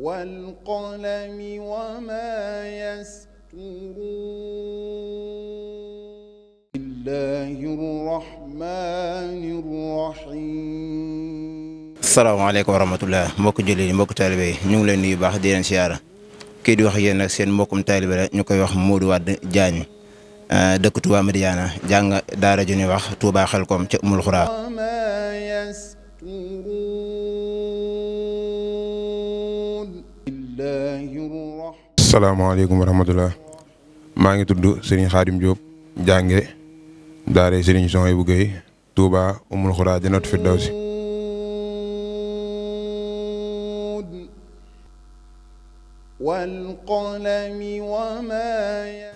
والقلم وما يسطرون الله الرحمن الرحيم wa rahmatullah mbokk jullit mbokk taalibe yi ñu ngi leen nuyu baax di leen siyaara kii di wax yéen seen mbokkum taalibe ñu koy wax Modou Wade Diagne eh, dëkk Touba Médiana jàng daara ju wax Touba Xelkom ca Umul asalaamaaleykum wa rahmatulah maa ngi tudd Serigne Khadim Diop jànge daare Serigne Sonia bu Gueye Touba Oumoul Khoura Jannatul Firdawsi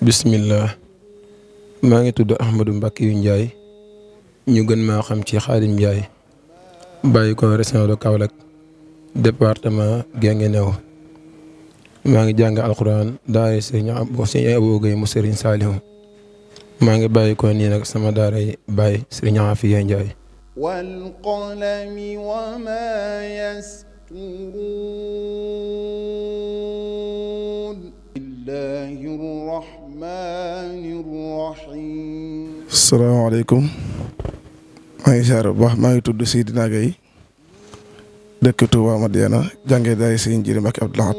bismillah maa ngi tudd Ahmadou Mbacke yu njaay ñu gën maa xam ci Khadim Ndiaye bàyyi ko région de Kaolack département Guinguinéo maa ngi jàng alxuraan daara sëriñ Abou mu sëriñ Saliou maa ngi bàyyi ko nii nag sama daara yi bàyyi sëriñ Afia Ndiaye wal qalami wa ma maa ngi ziar bu baax maa ngi tudd Seydina Gueye dëkk Touba Madiana jàngee daay sëñ Jiri Mbacke Abdou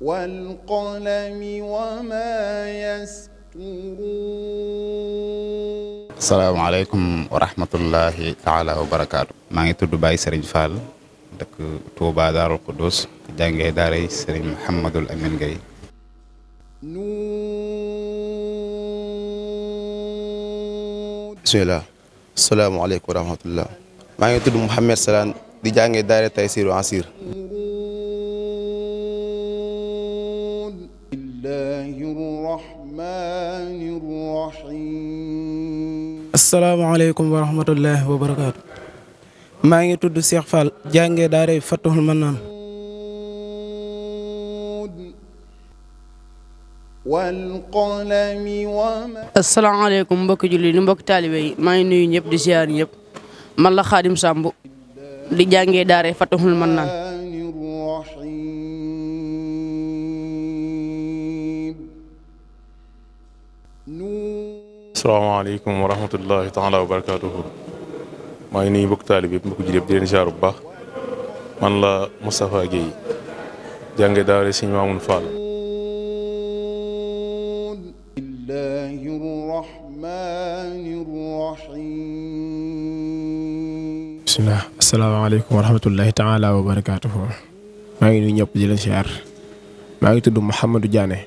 Lahad salaamaaleykum wa rahmatullahi taala wa maa ngi tudd Baye Serigne Fall dëkk Touba Darou Khoudoss jàngee daaray Serigne Amin Gueye bisimilah salaamaaleykum wa rahmatullah maa ngi tudd Mouhamed Salaan di jàngee daara Taysiru Asir asalaamaaleykum wa rahmatullahi wa barakaatu maa ngi tudd Cheikh Fall jàngee daara Fathul Mannan asalaamaaleykum mbokki julli ni mbokki taalibe yi maa ngi nuyu ñëpp di ziar ñëpp man la Xaadim Samb di jàngee daare Fatahul Mannaan asalaamaaleykum wa nuyu mbokki taalibe mbokki julli yëpp di leen ziar bu baax man la Moustapha Guèye daare Sëñ Mamoun Fall الله الرحمن الرحيم bismillah asalaamaaleykum wa rahmatullahi taala wa barakaatuhu maa ngi nuyu ñëpp di leen siyaar maa ngi tudd Mouhamadou Diané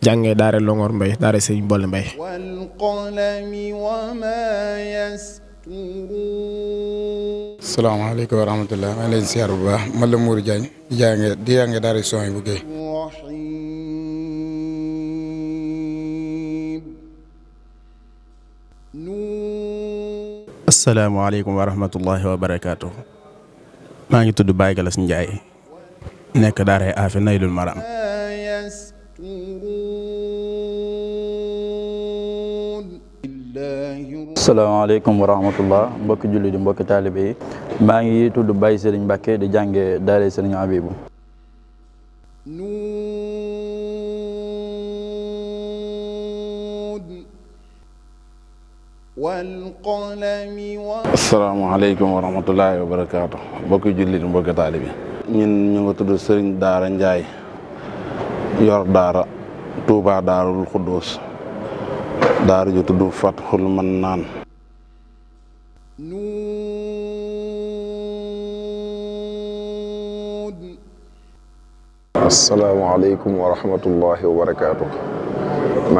jàngee daare Longoor Mbay daare Sëriñ Bolle Mbay salaamaaleykum wa rahmatulah maa ngi leen siyaar bu baax man la Mourou Diagne di jàngee di jàngee daare son yi bu géey asalaamaaleykum wa rahmatullahi wa barakaatu. maa ngi tudd Baye Galas Ndiaye. nekk daaray Afe Naylul Maram. asalaamaaleykum wa rahmatullah mbokki julli di mbokki taalibe yi maa ngi tudd Baye Serigne Mbacke di jànge daaray Serigne Abibou. asalaamaaleykum wa rahmatullaahi wa barakaatu mbokki jullit mbokki taalibi ñun ñu tudd Sëriñ Daara Njaay yor daara Touba Daarul Xuddoos daara ju tudd Fatxul Mannaan asalaamaaleykum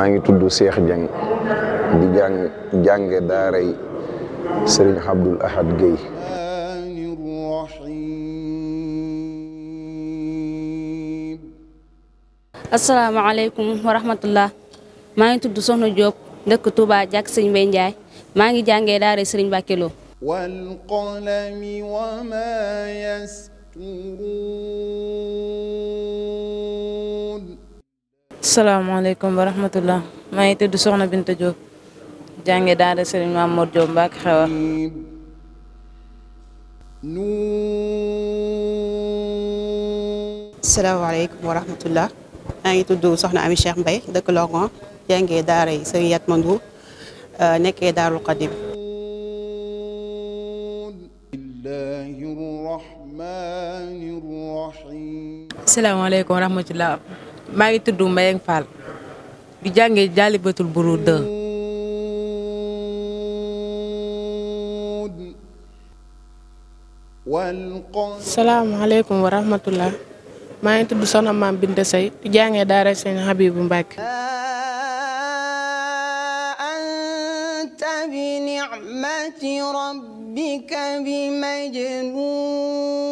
ngi tudd Cheikh di jàng jànge daaray Serigne Abdoul Ahad Guèye asalaamaaleykum wa rahmatullah maa ngi tudd Soxna Diop dëkk Touba jàkk Sëñ Mbay Njaay maa ngi jàngee daaray Sëriñ Mbàkke Lo wal qalami wa maa yasturuun asalaamaaleykum ngi tudd Soxna Binta Diop jànge daara Serigne Mamour Diop Mbacke xewa salaamaaleykum wa rahmatullah maa ngi tudd soxna Ami Cheikh Mbaye dëkk Longon jàngee daara yi euh, maa ngi tudd Mbayang Fall di jàngee Jaalibatul Buruud salaamaaleykum wa rahmatullah maa ngi tudd sono Maam Binta Sey di jàngee daara Sëñ Habibu Mbàkke anta bi ni'mati rabbika bi majnun